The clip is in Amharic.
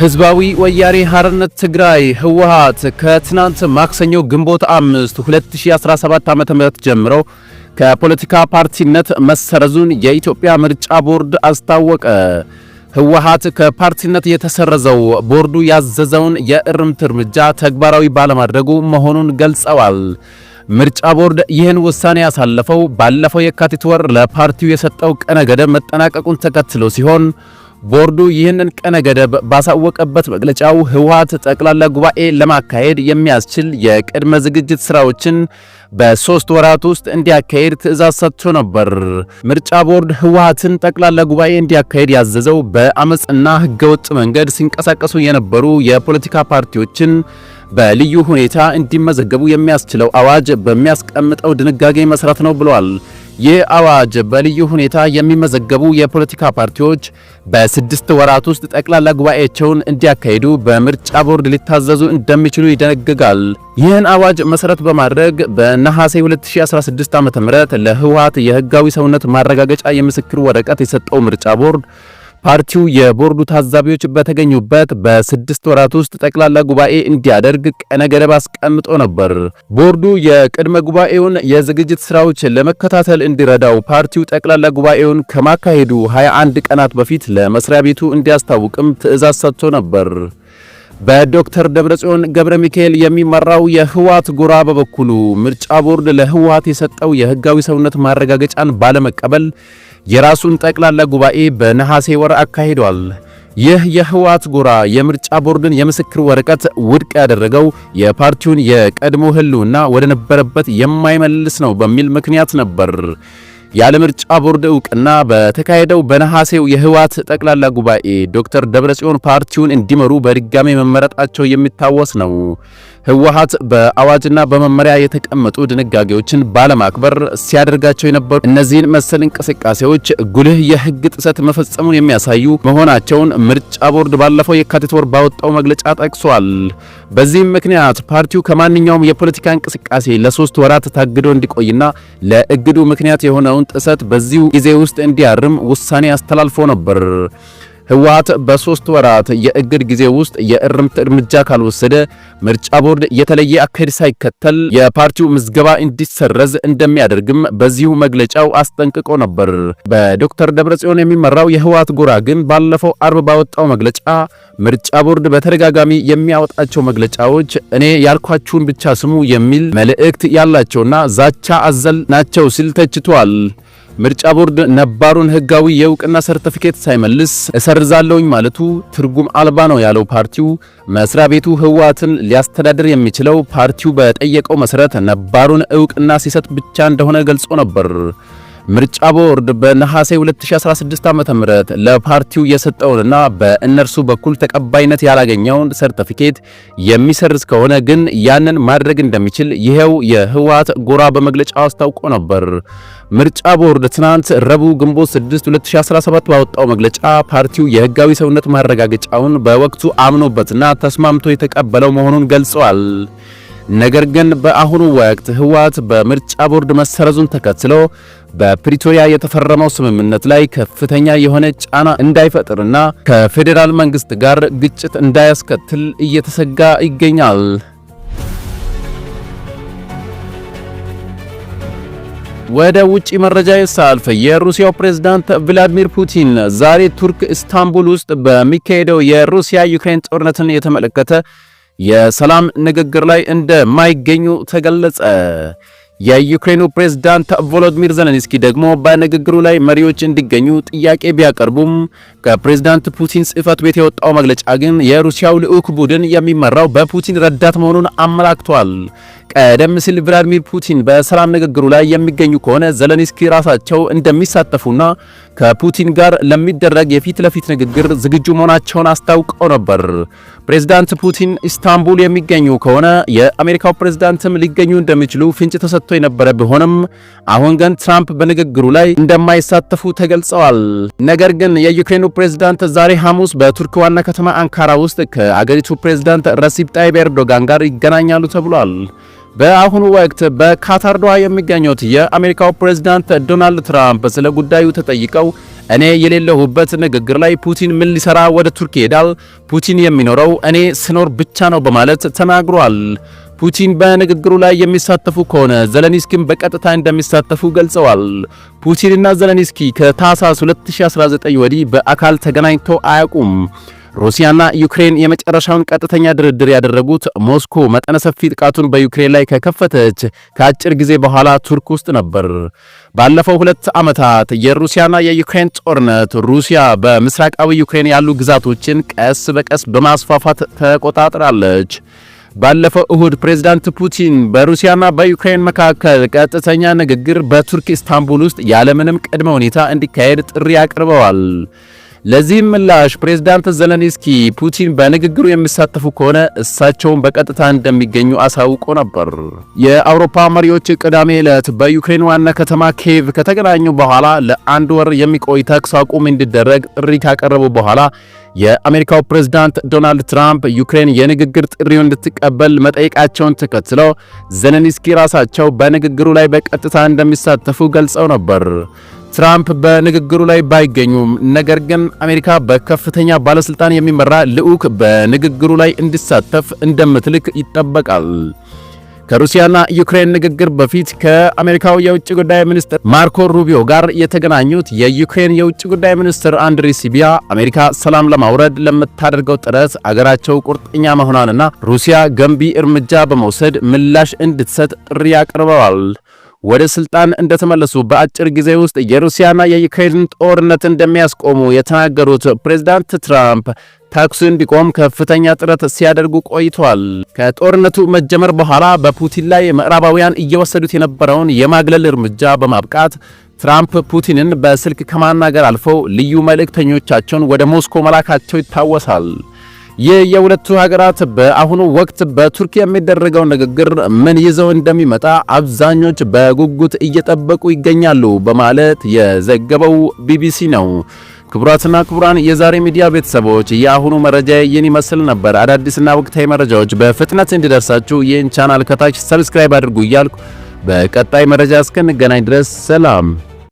ህዝባዊ ወያኔ ሓርነት ትግራይ ህወሓት ከትናንት ማክሰኞ ግንቦት 5 2017 ዓ.ም ጀምሮ ከፖለቲካ ፓርቲነት መሰረዙን የኢትዮጵያ ምርጫ ቦርድ አስታወቀ። ህወሓት ከፓርቲነት የተሰረዘው ቦርዱ ያዘዘውን የእርምት እርምጃ ተግባራዊ ባለማድረጉ መሆኑን ገልጸዋል። ምርጫ ቦርድ ይህን ውሳኔ ያሳለፈው ባለፈው የካቲት ወር ለፓርቲው የሰጠው ቀነ ገደብ መጠናቀቁን ተከትሎ ሲሆን ቦርዱ ይህንን ቀነ ገደብ ባሳወቀበት መግለጫው ህወሓት ጠቅላላ ጉባኤ ለማካሄድ የሚያስችል የቅድመ ዝግጅት ስራዎችን በሶስት ወራት ውስጥ እንዲያካሄድ ትእዛዝ ሰጥቶ ነበር። ምርጫ ቦርድ ህወሓትን ጠቅላላ ጉባኤ እንዲያካሄድ ያዘዘው በአመፅና ህገወጥ መንገድ ሲንቀሳቀሱ የነበሩ የፖለቲካ ፓርቲዎችን በልዩ ሁኔታ እንዲመዘገቡ የሚያስችለው አዋጅ በሚያስቀምጠው ድንጋጌ መሰረት ነው ብሏል። ይህ አዋጅ በልዩ ሁኔታ የሚመዘገቡ የፖለቲካ ፓርቲዎች በስድስት ወራት ውስጥ ጠቅላላ ጉባኤያቸውን እንዲያካሂዱ በምርጫ ቦርድ ሊታዘዙ እንደሚችሉ ይደነግጋል። ይህን አዋጅ መሰረት በማድረግ በነሐሴ 2016 ዓ.ም ለህወሓት የህጋዊ ሰውነት ማረጋገጫ የምስክር ወረቀት የሰጠው ምርጫ ቦርድ ፓርቲው የቦርዱ ታዛቢዎች በተገኙበት በስድስት ወራት ውስጥ ጠቅላላ ጉባኤ እንዲያደርግ ቀነ ገደብ አስቀምጦ ነበር። ቦርዱ የቅድመ ጉባኤውን የዝግጅት ስራዎች ለመከታተል እንዲረዳው ፓርቲው ጠቅላላ ጉባኤውን ከማካሄዱ 21 ቀናት በፊት ለመስሪያ ቤቱ እንዲያስታውቅም ትዕዛዝ ሰጥቶ ነበር። በዶክተር ደብረጽዮን ገብረ ሚካኤል የሚመራው የህወሓት ጎራ በበኩሉ ምርጫ ቦርድ ለህወሓት የሰጠው የህጋዊ ሰውነት ማረጋገጫን ባለመቀበል የራሱን ጠቅላላ ጉባኤ በነሐሴ ወር አካሂዷል። ይህ የህወሓት ጎራ የምርጫ ቦርድን የምስክር ወረቀት ውድቅ ያደረገው የፓርቲውን የቀድሞ ህልውና ወደ ነበረበት የማይመልስ ነው በሚል ምክንያት ነበር። ያለ ምርጫ ቦርድ እውቅና በተካሄደው በነሐሴው የህወሓት ጠቅላላ ጉባኤ ዶክተር ደብረጽዮን ፓርቲውን እንዲመሩ በድጋሚ መመረጣቸው የሚታወስ ነው። ህወሓት በአዋጅና በመመሪያ የተቀመጡ ድንጋጌዎችን ባለማክበር ሲያደርጋቸው የነበሩ እነዚህን መሰል እንቅስቃሴዎች ጉልህ የህግ ጥሰት መፈጸሙን የሚያሳዩ መሆናቸውን ምርጫ ቦርድ ባለፈው የካቲት ወር ባወጣው መግለጫ ጠቅሷል። በዚህም ምክንያት ፓርቲው ከማንኛውም የፖለቲካ እንቅስቃሴ ለሶስት ወራት ታግዶ እንዲቆይና ለእግዱ ምክንያት የሆነውን ጥሰት በዚሁ ጊዜ ውስጥ እንዲያርም ውሳኔ አስተላልፎ ነበር። ህወሓት በሶስት ወራት የእግድ ጊዜ ውስጥ የእርምት እርምጃ ካልወሰደ ምርጫ ቦርድ የተለየ አካሄድ ሳይከተል የፓርቲው ምዝገባ እንዲሰረዝ እንደሚያደርግም በዚሁ መግለጫው አስጠንቅቆ ነበር። በዶክተር ደብረጽዮን የሚመራው የህወሓት ጎራ ግን ባለፈው አርብ ባወጣው መግለጫ ምርጫ ቦርድ በተደጋጋሚ የሚያወጣቸው መግለጫዎች እኔ ያልኳችሁን ብቻ ስሙ የሚል መልእክት ያላቸውና ዛቻ አዘል ናቸው ሲል ተችቷል። ምርጫ ቦርድ ነባሩን ህጋዊ የእውቅና ሰርተፊኬት ሳይመልስ እሰርዛለሁኝ ማለቱ ትርጉም አልባ ነው ያለው ፓርቲው መስሪያ ቤቱ ህወሓትን ሊያስተዳድር የሚችለው ፓርቲው በጠየቀው መሰረት ነባሩን እውቅና ሲሰጥ ብቻ እንደሆነ ገልጾ ነበር። ምርጫ ቦርድ በነሐሴ 2016 ዓ.ም ለፓርቲው የሰጠውንና በእነርሱ በኩል ተቀባይነት ያላገኘውን ሰርተፊኬት የሚሰርዝ ከሆነ ግን ያንን ማድረግ እንደሚችል ይሄው የህወሓት ጎራ በመግለጫ አስታውቆ ነበር። ምርጫ ቦርድ ትናንት ረቡዕ ግንቦት 6 2017 ባወጣው መግለጫ ፓርቲው የህጋዊ ሰውነት ማረጋገጫውን በወቅቱ አምኖበትና ተስማምቶ የተቀበለው መሆኑን ገልጸዋል። ነገር ግን በአሁኑ ወቅት ህወሓት በምርጫ ቦርድ መሰረዙን ተከትሎ በፕሪቶሪያ የተፈረመው ስምምነት ላይ ከፍተኛ የሆነ ጫና እንዳይፈጥርና ከፌዴራል መንግስት ጋር ግጭት እንዳያስከትል እየተሰጋ ይገኛል። ወደ ውጪ መረጃ ሳልፍ የሩሲያው ፕሬዝዳንት ቭላዲሚር ፑቲን ዛሬ ቱርክ ኢስታንቡል ውስጥ በሚካሄደው የሩሲያ ዩክሬን ጦርነትን የተመለከተ የሰላም ንግግር ላይ እንደማይገኙ ተገለጸ። የዩክሬኑ ፕሬዝዳንት ቮሎዲሚር ዘለንስኪ ደግሞ በንግግሩ ላይ መሪዎች እንዲገኙ ጥያቄ ቢያቀርቡም ከፕሬዝዳንት ፑቲን ጽህፈት ቤት የወጣው መግለጫ ግን የሩሲያው ልዑክ ቡድን የሚመራው በፑቲን ረዳት መሆኑን አመላክቷል። ቀደም ሲል ቭላዲሚር ፑቲን በሰላም ንግግሩ ላይ የሚገኙ ከሆነ ዘለንስኪ ራሳቸው እንደሚሳተፉና ከፑቲን ጋር ለሚደረግ የፊት ለፊት ንግግር ዝግጁ መሆናቸውን አስታውቀው ነበር። ፕሬዝዳንት ፑቲን ኢስታንቡል የሚገኙ ከሆነ የአሜሪካው ፕሬዝዳንትም ሊገኙ እንደሚችሉ ፍንጭ ተሰጥቶ የነበረ ቢሆንም አሁን ግን ትራምፕ በንግግሩ ላይ እንደማይሳተፉ ተገልጸዋል። ነገር ግን የዩክሬኑ ፕሬዝዳንት ዛሬ ሐሙስ በቱርክ ዋና ከተማ አንካራ ውስጥ ከአገሪቱ ፕሬዝዳንት ረሲብ ጣይብ ኤርዶጋን ጋር ይገናኛሉ ተብሏል። በአሁኑ ወቅት በካታር ዶሃ የሚገኙት የአሜሪካው ፕሬዝዳንት ዶናልድ ትራምፕ ስለ ጉዳዩ ተጠይቀው እኔ የሌለሁበት ንግግር ላይ ፑቲን ምን ሊሰራ ወደ ቱርክ ይሄዳል? ፑቲን የሚኖረው እኔ ስኖር ብቻ ነው በማለት ተናግሯል። ፑቲን በንግግሩ ላይ የሚሳተፉ ከሆነ ዘለንስኪን በቀጥታ እንደሚሳተፉ ገልጸዋል። ፑቲንና ዘለንስኪ ከታህሳስ 2019 ወዲህ በአካል ተገናኝተው አያውቁም። ሩሲያና ዩክሬን የመጨረሻውን ቀጥተኛ ድርድር ያደረጉት ሞስኮ መጠነ ሰፊ ጥቃቱን በዩክሬን ላይ ከከፈተች ከአጭር ጊዜ በኋላ ቱርክ ውስጥ ነበር። ባለፈው ሁለት ዓመታት የሩሲያና የዩክሬን ጦርነት ሩሲያ በምስራቃዊ ዩክሬን ያሉ ግዛቶችን ቀስ በቀስ በማስፋፋት ተቆጣጥራለች። ባለፈው እሁድ ፕሬዝዳንት ፑቲን በሩሲያና በዩክሬን መካከል ቀጥተኛ ንግግር በቱርክ ኢስታንቡል ውስጥ ያለምንም ቅድመ ሁኔታ እንዲካሄድ ጥሪ አቅርበዋል። ለዚህም ምላሽ ፕሬዝዳንት ዘለንስኪ ፑቲን በንግግሩ የሚሳተፉ ከሆነ እሳቸውን በቀጥታ እንደሚገኙ አሳውቆ ነበር። የአውሮፓ መሪዎች ቅዳሜ ዕለት በዩክሬን ዋና ከተማ ኬቭ ከተገናኙ በኋላ ለአንድ ወር የሚቆይ ተኩስ አቁም እንዲደረግ ጥሪ ካቀረቡ በኋላ የአሜሪካው ፕሬዝዳንት ዶናልድ ትራምፕ ዩክሬን የንግግር ጥሪውን እንድትቀበል መጠየቃቸውን ተከትለው ዘለንስኪ ራሳቸው በንግግሩ ላይ በቀጥታ እንደሚሳተፉ ገልጸው ነበር። ትራምፕ በንግግሩ ላይ ባይገኙም ነገር ግን አሜሪካ በከፍተኛ ባለስልጣን የሚመራ ልዑክ በንግግሩ ላይ እንዲሳተፍ እንደምትልክ ይጠበቃል። ከሩሲያና ዩክሬን ንግግር በፊት ከአሜሪካው የውጭ ጉዳይ ሚኒስትር ማርኮ ሩቢዮ ጋር የተገናኙት የዩክሬን የውጭ ጉዳይ ሚኒስትር አንድሪ ሲቢያ አሜሪካ ሰላም ለማውረድ ለምታደርገው ጥረት አገራቸው ቁርጠኛ መሆኗንና ሩሲያ ገንቢ እርምጃ በመውሰድ ምላሽ እንድትሰጥ ጥሪ አቅርበዋል። ወደ ስልጣን እንደተመለሱ በአጭር ጊዜ ውስጥ የሩሲያና የዩክሬን ጦርነት እንደሚያስቆሙ የተናገሩት ፕሬዝዳንት ትራምፕ ታክሱ እንዲቆም ከፍተኛ ጥረት ሲያደርጉ ቆይቷል። ከጦርነቱ መጀመር በኋላ በፑቲን ላይ ምዕራባውያን እየወሰዱት የነበረውን የማግለል እርምጃ በማብቃት ትራምፕ ፑቲንን በስልክ ከማናገር አልፈው ልዩ መልእክተኞቻቸውን ወደ ሞስኮ መላካቸው ይታወሳል። ይህ የሁለቱ ሀገራት በአሁኑ ወቅት በቱርኪያ የሚደረገው ንግግር ምን ይዘው እንደሚመጣ አብዛኞች በጉጉት እየጠበቁ ይገኛሉ በማለት የዘገበው ቢቢሲ ነው። ክቡራትና ክቡራን የዛሬ ሚዲያ ቤተሰቦች የአሁኑ መረጃ ይህን ይመስል ነበር። አዳዲስና ወቅታዊ መረጃዎች በፍጥነት እንዲደርሳችሁ ይህን ቻናል ከታች ሰብስክራይብ አድርጉ እያልኩ በቀጣይ መረጃ እስክንገናኝ ድረስ ሰላም።